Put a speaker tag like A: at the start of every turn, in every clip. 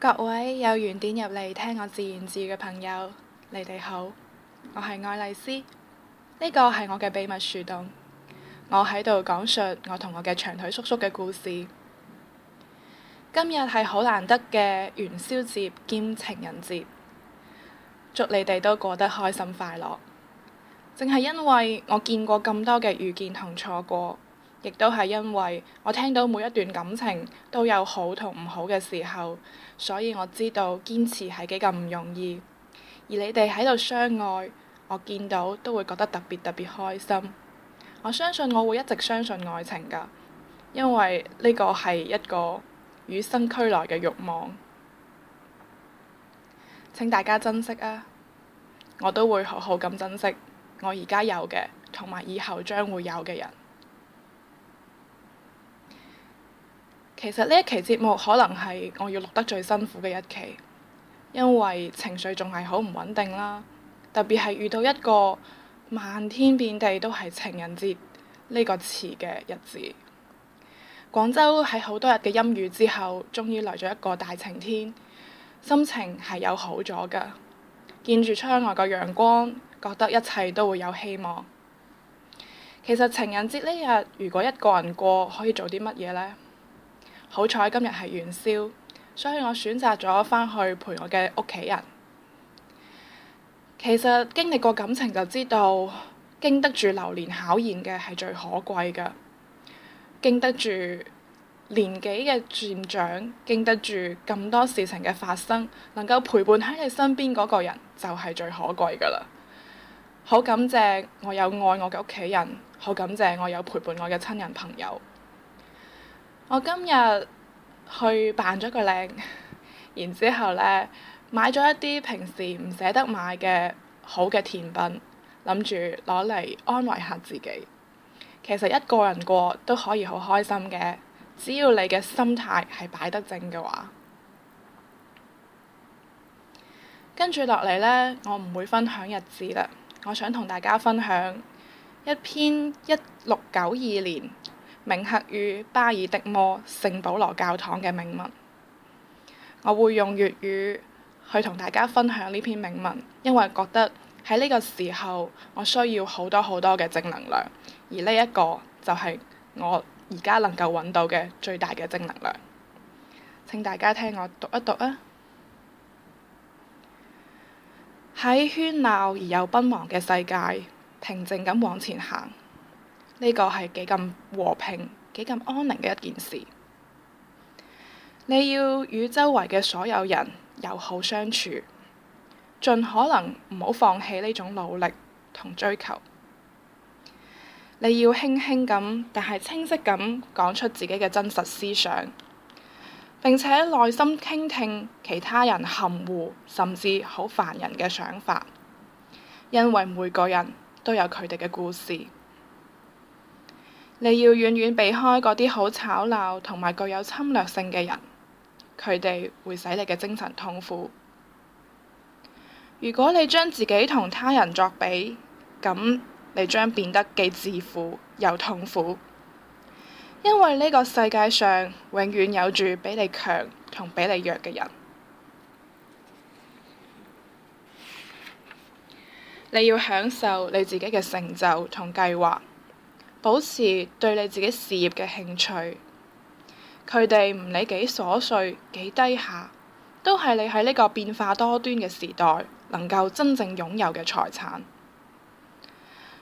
A: 各位有緣點入嚟聽我自言自語嘅朋友，你哋好，我係愛麗絲。呢個係我嘅秘密樹洞，我喺度講述我同我嘅長腿叔叔嘅故事。今日係好難得嘅元宵節兼情人節，祝你哋都過得開心快樂。正係因為我見過咁多嘅遇見同錯過。亦都係因為我聽到每一段感情都有好同唔好嘅時候，所以我知道堅持係幾咁唔容易。而你哋喺度相愛，我見到都會覺得特別特別開心。我相信我會一直相信愛情㗎，因為呢個係一個與生俱來嘅慾望。請大家珍惜啊！我都會好好咁珍惜我而家有嘅，同埋以後將會有嘅人。其實呢一期節目可能係我要錄得最辛苦嘅一期，因為情緒仲係好唔穩定啦。特別係遇到一個漫天遍地都係情人節呢個詞嘅日子。廣州喺好多日嘅陰雨之後，終於來咗一個大晴天，心情係有好咗㗎。見住窗外嘅陽光，覺得一切都會有希望。其實情人節呢日如果一個人過，可以做啲乜嘢呢？好彩今日係元宵，所以我選擇咗返去陪我嘅屋企人。其實經歷過感情就知道，經得住流年考驗嘅係最可貴嘅。經得住年紀嘅漸長，經得住咁多事情嘅發生，能夠陪伴喺你身邊嗰個人就係最可貴㗎喇。好感謝我有愛我嘅屋企人，好感謝我有陪伴我嘅親人朋友。我今日去扮咗個靚，然之後呢，買咗一啲平時唔捨得買嘅好嘅甜品，諗住攞嚟安慰下自己。其實一個人過都可以好開心嘅，只要你嘅心態係擺得正嘅話。跟住落嚟呢，我唔會分享日誌啦。我想同大家分享一篇一六九二年。銘刻於巴爾的摩聖保羅教堂嘅銘文，我會用粵語去同大家分享呢篇銘文，因為覺得喺呢個時候我需要好多好多嘅正能量，而呢一個就係我而家能夠揾到嘅最大嘅正能量。請大家聽我讀一讀啊！喺喧鬧而又奔忙嘅世界，平靜咁往前行。呢個係幾咁和平、幾咁安寧嘅一件事。你要與周圍嘅所有人友好相處，盡可能唔好放棄呢種努力同追求。你要輕輕咁，但係清晰咁講出自己嘅真實思想，並且耐心傾聽其他人含糊甚至好煩人嘅想法，因為每個人都有佢哋嘅故事。你要遠遠避開嗰啲好吵鬧同埋具有侵略性嘅人，佢哋會使你嘅精神痛苦。如果你將自己同他人作比，咁你將變得既自負又痛苦，因為呢個世界上永遠有住比你強同比你弱嘅人。你要享受你自己嘅成就同計劃。保持對你自己事業嘅興趣，佢哋唔理幾瑣碎、幾低下，都係你喺呢個變化多端嘅時代能夠真正擁有嘅財產。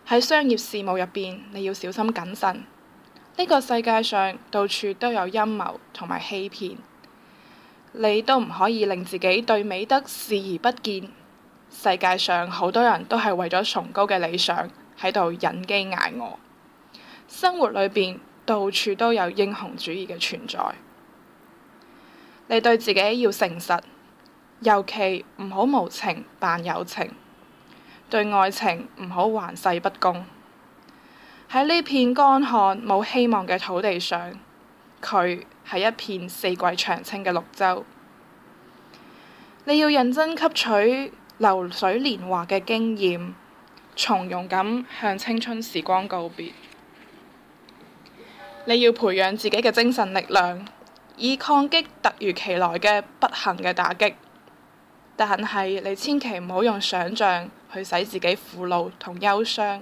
A: 喺商業事務入邊，你要小心謹慎。呢個世界上到處都有陰謀同埋欺騙，你都唔可以令自己對美德視而不見。世界上好多人都係為咗崇高嘅理想喺度忍饑挨餓。生活裏邊到處都有英雄主義嘅存在。你對自己要誠實，尤其唔好無情扮有情。對愛情唔好玩世不恭。喺呢片乾旱冇希望嘅土地上，佢係一片四季長青嘅綠洲。你要認真吸取流水年華嘅經驗，從容咁向青春時光告別。你要培養自己嘅精神力量，以抗擊突如其來嘅不幸嘅打擊。但係你千祈唔好用想像去使自己苦惱同憂傷。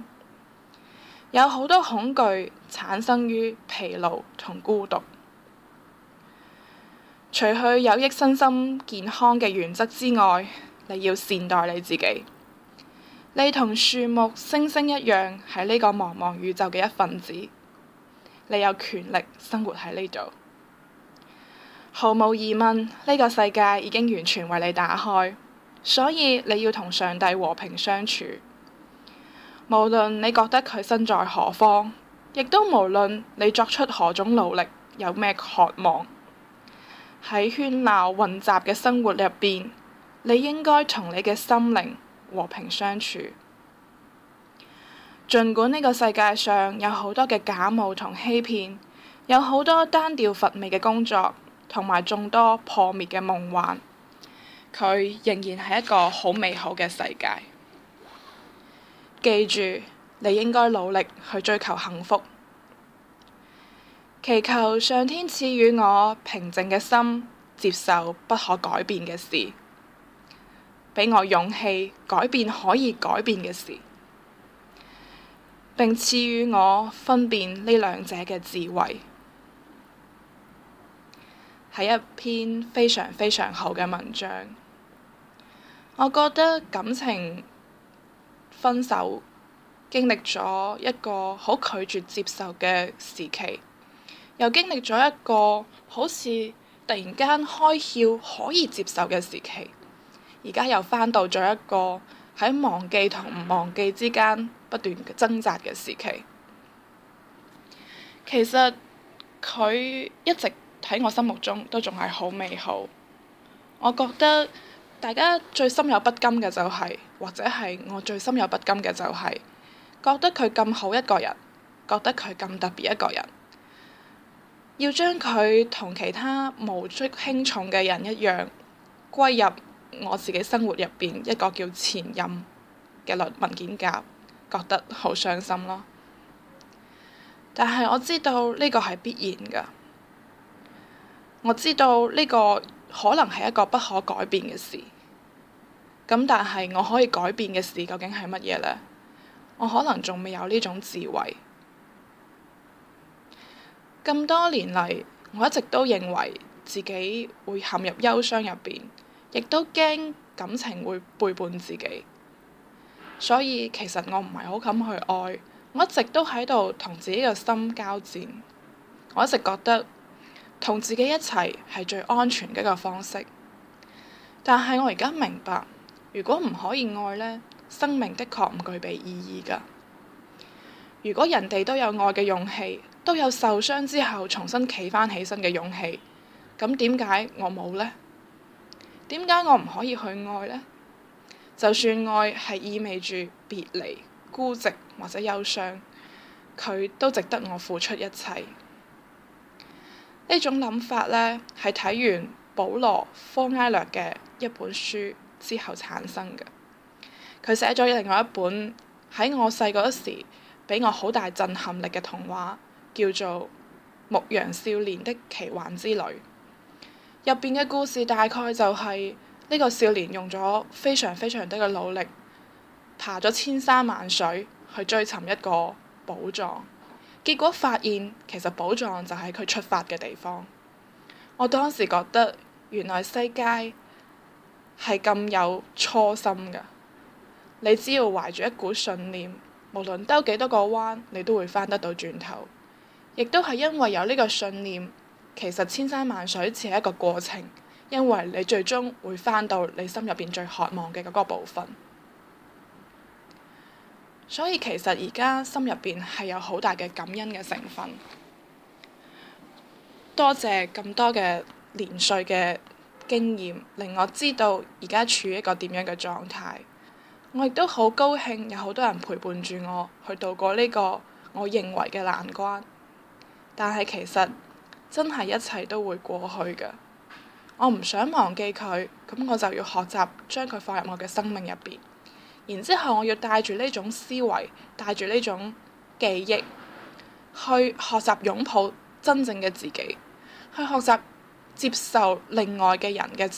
A: 有好多恐懼產生於疲勞同孤獨。除去有益身心健康嘅原則之外，你要善待你自己。你同樹木、星星一樣，係呢個茫茫宇宙嘅一分子。你有權力生活喺呢度，毫無疑問，呢、這個世界已經完全為你打開，所以你要同上帝和平相處。無論你覺得佢身在何方，亦都無論你作出何種努力，有咩渴望，喺喧鬧混雜嘅生活入邊，你應該同你嘅心靈和平相處。儘管呢個世界上有好多嘅假冒同欺騙，有好多單調乏味嘅工作，同埋眾多破滅嘅夢幻，佢仍然係一個好美好嘅世界。記住，你應該努力去追求幸福，祈求上天賜予我平靜嘅心，接受不可改變嘅事，俾我勇氣改變可以改變嘅事。並賜予我分辨呢兩者嘅智慧，係一篇非常非常好嘅文章。我覺得感情分手經歷咗一個好拒絕接受嘅時期，又經歷咗一個好似突然間開竅可以接受嘅時期，而家又翻到咗一個喺忘記同唔忘記之間。不斷嘅掙扎嘅時期，其實佢一直喺我心目中都仲係好美好。我覺得大家最心有不甘嘅就係、是，或者係我最心有不甘嘅就係、是，覺得佢咁好一個人，覺得佢咁特別一個人，要將佢同其他無足輕重嘅人一樣，歸入我自己生活入邊一個叫前任嘅文件夾。覺得好傷心咯，但係我知道呢個係必然㗎，我知道呢個可能係一個不可改變嘅事，咁但係我可以改變嘅事究竟係乜嘢呢？我可能仲未有呢種智慧。咁多年嚟，我一直都認為自己會陷入憂傷入邊，亦都驚感情會背叛自己。所以其實我唔係好敢去愛，我一直都喺度同自己嘅心交戰。我一直覺得同自己一齊係最安全嘅一個方式。但係我而家明白，如果唔可以愛呢，生命的確唔具備意義㗎。如果人哋都有愛嘅勇氣，都有受傷之後重新企返起身嘅勇氣，咁點解我冇呢？點解我唔可以去愛呢？就算愛係意味住別離、孤寂或者憂傷，佢都值得我付出一切。呢種諗法呢，係睇完保羅·科埃略嘅一本書之後產生嘅。佢寫咗另外一本喺我細個時俾我好大震撼力嘅童話，叫做《牧羊少年的奇幻之旅》。入邊嘅故事大概就係、是。呢個少年用咗非常非常大嘅努力，爬咗千山萬水去追尋一個寶藏，結果發現其實寶藏就喺佢出發嘅地方。我當時覺得原來世界係咁有初心㗎，你只要懷住一股信念，無論兜幾多個彎，你都會翻得到轉頭。亦都係因為有呢個信念，其實千山萬水只係一個過程。因為你最終會翻到你心入邊最渴望嘅嗰個部分，所以其實而家心入邊係有好大嘅感恩嘅成分，多謝咁多嘅年歲嘅經驗，令我知道而家處於一個點樣嘅狀態。我亦都好高興有好多人陪伴住我去度過呢個我認為嘅難關，但係其實真係一切都會過去㗎。我唔想忘記佢，咁我就要學習將佢放入我嘅生命入邊，然之後我要帶住呢種思維，帶住呢種記憶，去學習擁抱真正嘅自己，去學習接受另外嘅人嘅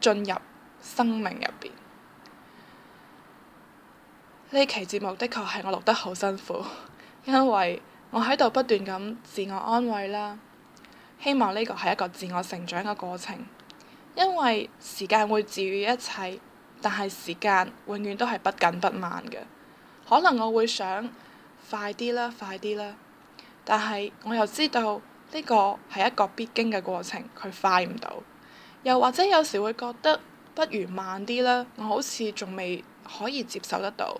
A: 進入生命入邊。呢期節目的確係我錄得好辛苦，因為我喺度不斷咁自我安慰啦。希望呢個係一個自我成長嘅過程，因為時間會治愈一切，但係時間永遠都係不緊不慢嘅。可能我會想快啲啦，快啲啦，但係我又知道呢個係一個必經嘅過程，佢快唔到。又或者有時會覺得不如慢啲啦，我好似仲未可以接受得到，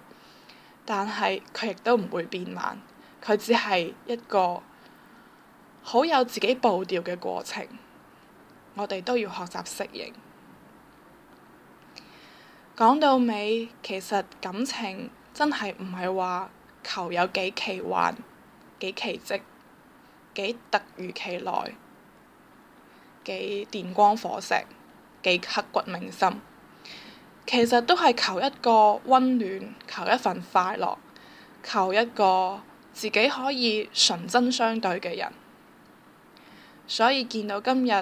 A: 但係佢亦都唔會變慢，佢只係一個。好有自己步調嘅過程，我哋都要學習適應。講到尾，其實感情真係唔係話求有幾奇幻、幾奇蹟、幾突如其來、幾電光火石、幾刻骨銘心。其實都係求一個溫暖，求一份快樂，求一個自己可以純真相對嘅人。所以見到今日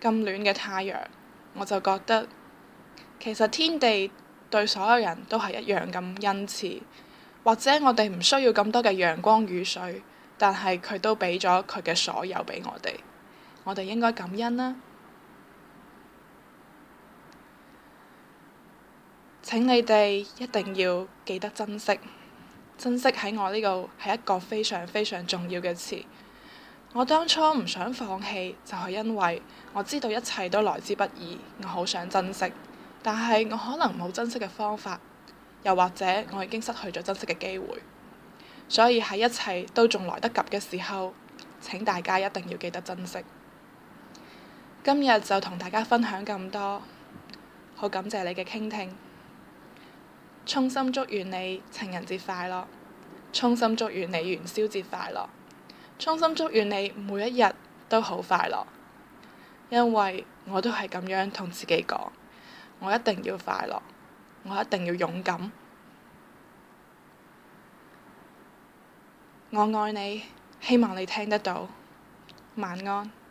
A: 咁暖嘅太陽，我就覺得其實天地對所有人都係一樣咁恩慈，或者我哋唔需要咁多嘅陽光雨水，但係佢都俾咗佢嘅所有俾我哋，我哋應該感恩啦。請你哋一定要記得珍惜，珍惜喺我呢度係一個非常非常重要嘅詞。我當初唔想放棄，就係因為我知道一切都來之不易，我好想珍惜，但係我可能冇珍惜嘅方法，又或者我已經失去咗珍惜嘅機會，所以喺一切都仲來得及嘅時候，請大家一定要記得珍惜。今日就同大家分享咁多，好感謝你嘅傾聽，衷心祝願你情人節快樂，衷心祝願你元宵節快樂。衷心祝願你每一日都好快樂，因為我都係咁樣同自己講，我一定要快樂，我一定要勇敢。我愛你，希望你聽得到。晚安。